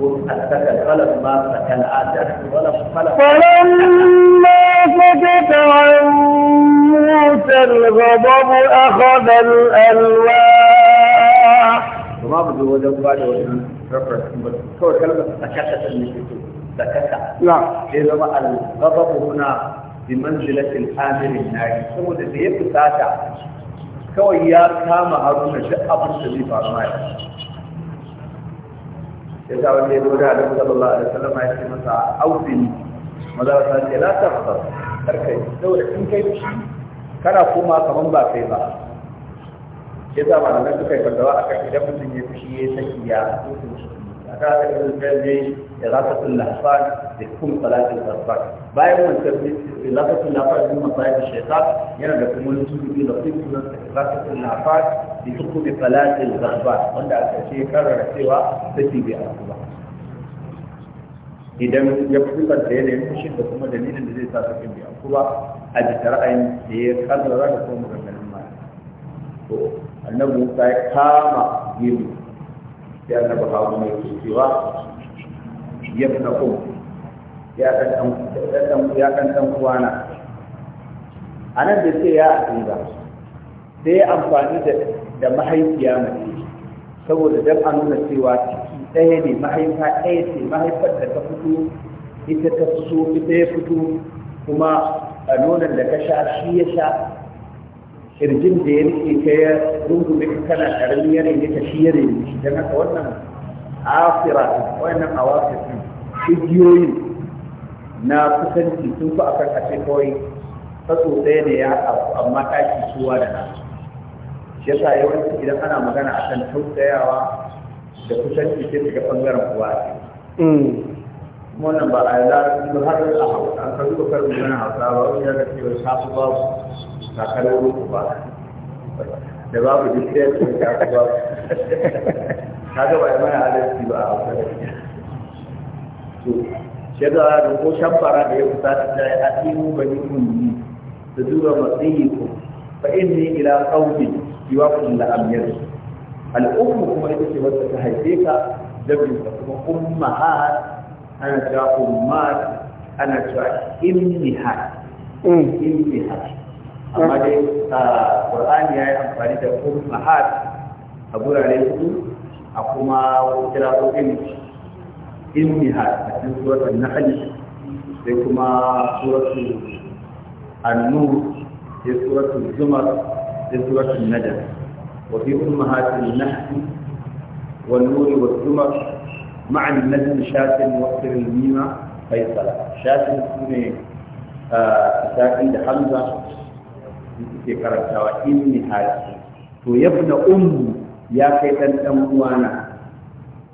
Speaker 1: ko sakal qalam ma sakal adar wala qalam
Speaker 2: falamma sakata an Musa al-ghadab akhadha al-alwa
Speaker 1: kuma ba zo wajen ba da wani reference ba kawai kalmar sakata ta ne ke sakata na sai zama al-ghadab huna بمنزلة الحامل الناجي سوى ده يبقى ساتع كوى إياك كاما هارونا جأب السبيب على ما يتعب يتعب الله عليه صلى الله عليه وسلم عليه وسلم أو بني ماذا بسانت لا تغضر تركي سوى إن كيف شيء كان أقوما كمان باقيبا يتعب الله عليه وسلم أكاك يجب أن يكشيه سكيا أكاك يجب أن يكشيه سكيا إغاثة اللحفان بكم صلاة الأربعة باية من تبديد إغاثة اللحفان من مصائب الشيطان يعني لكم الجزء في لطيف من إغاثة اللحفان بحكم صلاة الأربعة وأن أكثر كرر سوى تتي بأربعة idan ya fi da yanayin fushin da kuma dalilin da zai sa su kan biya kuma a bisa ra'ayin da ya karrara da kuma maganganun ma to annabi Musa ya kama gini sai annabi Haruna ya ke cewa ya fi na ya ɗan ɗan uwana a nan da sai ya asiri ba sai ya amfani da mahaifiya mace saboda don a nuna cewa ciki ɗaya ne mahaifa ɗaya ce mahaifar da ta fito ita ta fito ita ya fito kuma a nonon da ka sha shi ya sha kirjin da ya rike ka ya rungume ka kana ƙaramin yanayi ka shi ya rene shi don haka wannan afira wannan awafir igiyoyin na kusanci sun fi akan a ce kawai ta ɗaya ne ya haɗu, amma ɗaki kowa da nasu, shi yasa yawanci idan ana magana a kan tausayawa da kusanci sai daga ɓangaren kowa mm. kuma wannan ba a larabci ba har a hausa an karu bakar yana hausa ba wani ya ga ba shafi babu sakarar rufu ba da babu duk da ya ce shafi babu ta ga ba mana halarci ba a hausa to shi da da ko shambara da ya fita ta da asimu bani kunni da dura masiku fa inni ila qawli yuwaqul la amyar al ummu kuma ita ce wacce ta haife ka da bin kuma ummahat ana cewa ummat ana cewa immihat mm. immihat amma dai Qur'ani ya yi amfani da ummahat a gurare hudu a kuma kira ko immihat إنها من سورة النحل لكما سورة النور لسورة الزمر لسورة الندم وفي أمهات النحل والنور والزمر مع النجم شاتم وقر الميمة فيصل شاتم كوني ساكن حمزة في كاركتا وإنها تو يبنى أم يا كيتن أم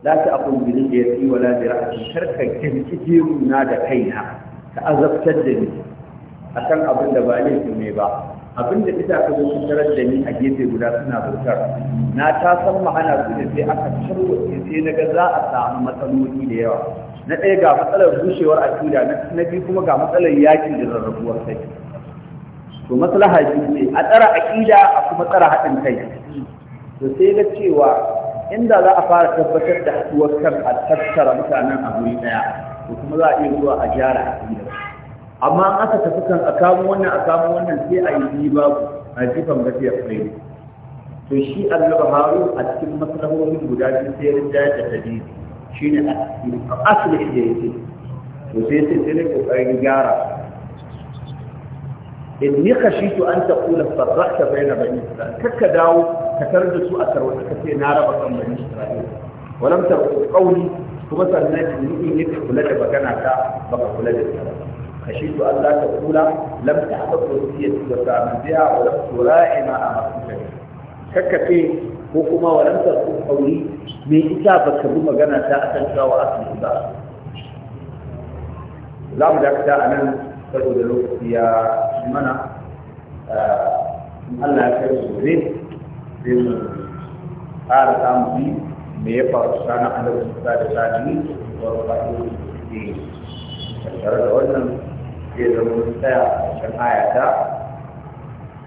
Speaker 1: la ta aqul bi rijli wa la bi ra'si karka kinkije na da kaina ka azabtar da ni akan abin da ba laifi ne ba abin da ita ka zo tarar da ni a gefe guda suna bautar na ta san ma'ana su ne sai aka tarwace sai na ga za a samu matsaloli da yawa na ɗaya ga matsalar bushewar akida na biyu kuma ga matsalar yakin da rarrabuwar sai to maslaha biyu ce a tsara aƙida a kuma tsara haɗin kai to sai ga cewa inda za a fara tabbatar da haduwar kan a tattara mutanen a guri ɗaya, to kuma za a iya zuwa a gyara a aƙida amma an aka tafi kan a kamo wannan a kamo wannan sai a yi biyu a jifan gafiya tsaye to shi annabi haru a cikin maslahohin guda biyu sai rinjaya da tadidi shine a asali da yake to sai sai sai ne kokarin gyara inni khashitu an taqula farraqta bayna bani isra'il kakka dawo ka tarda su a tarwata kace na raba kan bani isra'il walam tarqu qawli kuma sannan ni in yake kula da magana ta baka kula da ita khashitu an la taqula lam tahqaq wasiyati wa ta'amdiha wa lam tura'i ma amartuka kakka ce ko kuma walam tarqu qawli me ita baka bi magana ta akan cewa asli ba za mu dakata a nan saboda lokaci ya mana eh, Allah ya kai su gobe sai mu ƙara samu bi me ya faru tsakanin da da wannan zai zama mun tsaya a ayata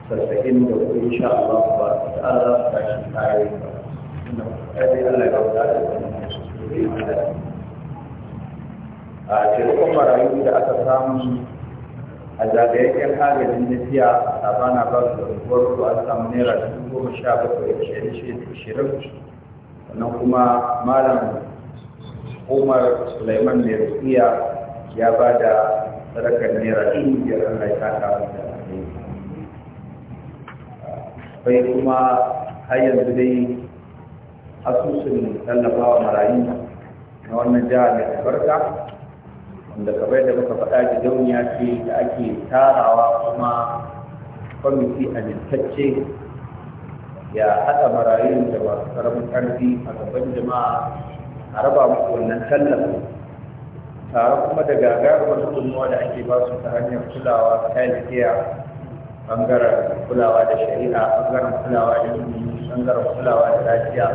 Speaker 1: sassaƙin da ku insha Allah ba ta Allah ta shi Allah ya da wannan a cikin marayu da aka samu a zagayen yan agajin nufiya a sabana ba su da unguwar su a samu naira dubu goma sha bakwai da shirin sannan kuma malam umar suleiman mai rufiya ya ba da sadakar naira dubu biyar an raita ta wanda bai kuma har yanzu dai asusun tallafawa marayu na wannan jihar mai albarka wanda kamar da muka faɗa da dauniya ce da ake tarawa kuma kwamiti a amintacce ya haɗa marayun da masu karamin ƙarfi a gaban jama'a a raba musu wannan tallafin tare kuma da gagarumar gudunmawa da ake ba su ta hanyar kulawa ta lafiya bangaren kulawa da shari'a bangaren kulawa da ilimi bangaren kulawa da lafiya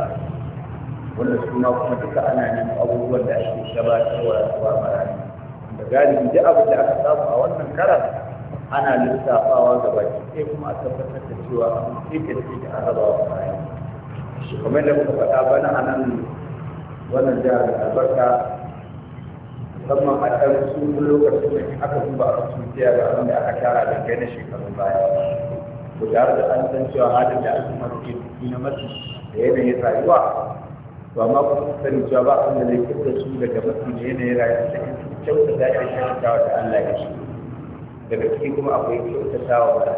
Speaker 1: wanda suna kuma duka ana neman abubuwan da ake gabatarwa da marayu galibi duk abin da aka samu a wannan karan ana lissafawa ga baki sai kuma a tabbatar da cewa duka da duka an raba wa kayan kamar da muka faɗa bana a nan wannan jihar da albarka musamman a ɗan su lokacin da aka duba a su tiya ga abin da aka tara da kai na shekarun baya ko da da an san cewa halin da al'umma masu ciki na masu da yanayin rayuwa ba ma kuma sani cewa ba abin da zai kirkir su daga masu da yanayin rayuwa kyautata da kyautatawa da Allah ya shi daga ciki kuma akwai kyautatawa da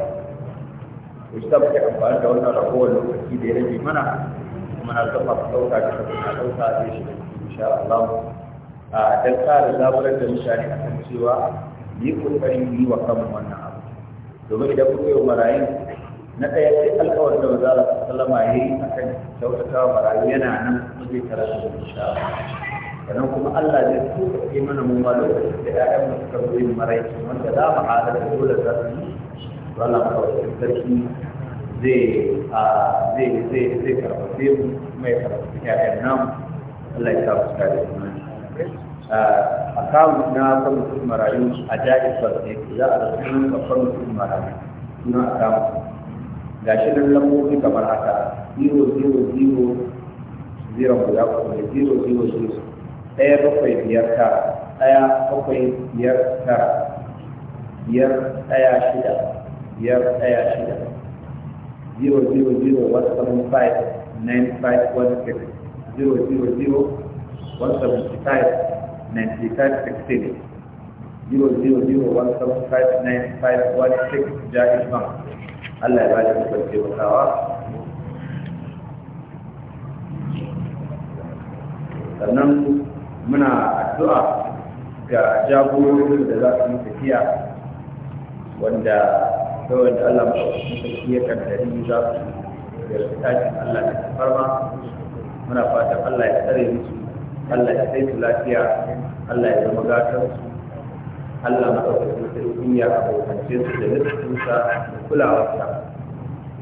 Speaker 1: ku shi muke amfani da wannan ragowar lokaci da ya rage mana kuma na zama ku ɗauka da kuma na ɗauka da shi insha Allah a dan ƙara zaburar da mutane a kan cewa yi ƙoƙarin yi wa kanmu wannan abu domin idan kuka yi wa marayun na ɗaya sai alƙawar da maza Allah sallama ya yi a kan kyautatawa marayu yana nan kuma zai tara da insha Allah sannan kuma Allah zai tuka ke mana mu ma lokacin da ƴaƴan mu suka zo yin wanda za mu hada da dole za su yi to Allah wasu sarki zai a zai zai zai karfafe mu kuma karfafe Allah ya kawo mu da suna a kawo na kan mutum marayu a jari sosai za a zafi nan babban mutum marayu suna a kawo ga shi nan lambobi kamar haka 0000 ɗaya bakwai biyar tara ɗaya bakwai biyar tara biyar ɗaya shida biyar ɗaya shida zero zero zero one seven five nine five one six zero zero zero one seven five ninety five sixteen zero zero zero one seven five nine five one six jaiz bank Allah ya bada muku taimakawa sannan muna addu'a ga jagororin da za su yi tafiya wanda da Allah maɗaukaki sarki ya kaddari za su yarda tashin Allah da tafarma muna fatan Allah ya tsare musu Allah ya sai su lafiya Allah ya zama gatar su Allah maɗaukaki sarki a abokance su da nufinsa da kulawarsa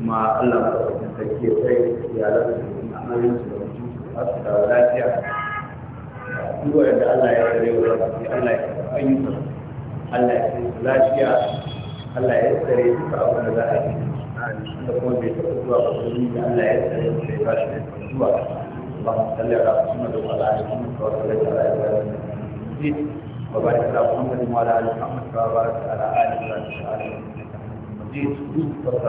Speaker 1: kuma Allah maɗaukaki ta ke sai iyalansu da amalin su da mutum su da lafiya duk wanda Allah ya tsare wa rafi Allah ya ayyuka Allah ya tsare lafiya Allah ya tsare duka abin da za a yi da kuma bai taɓa zuwa ba da Allah ya tsare su bai
Speaker 2: ba shi da zuwa اللهم صل على محمد وعلى ال محمد وبارك على ابراهيم المجيد وبارك على محمد وعلى ال محمد وبارك على ال ابراهيم المجيد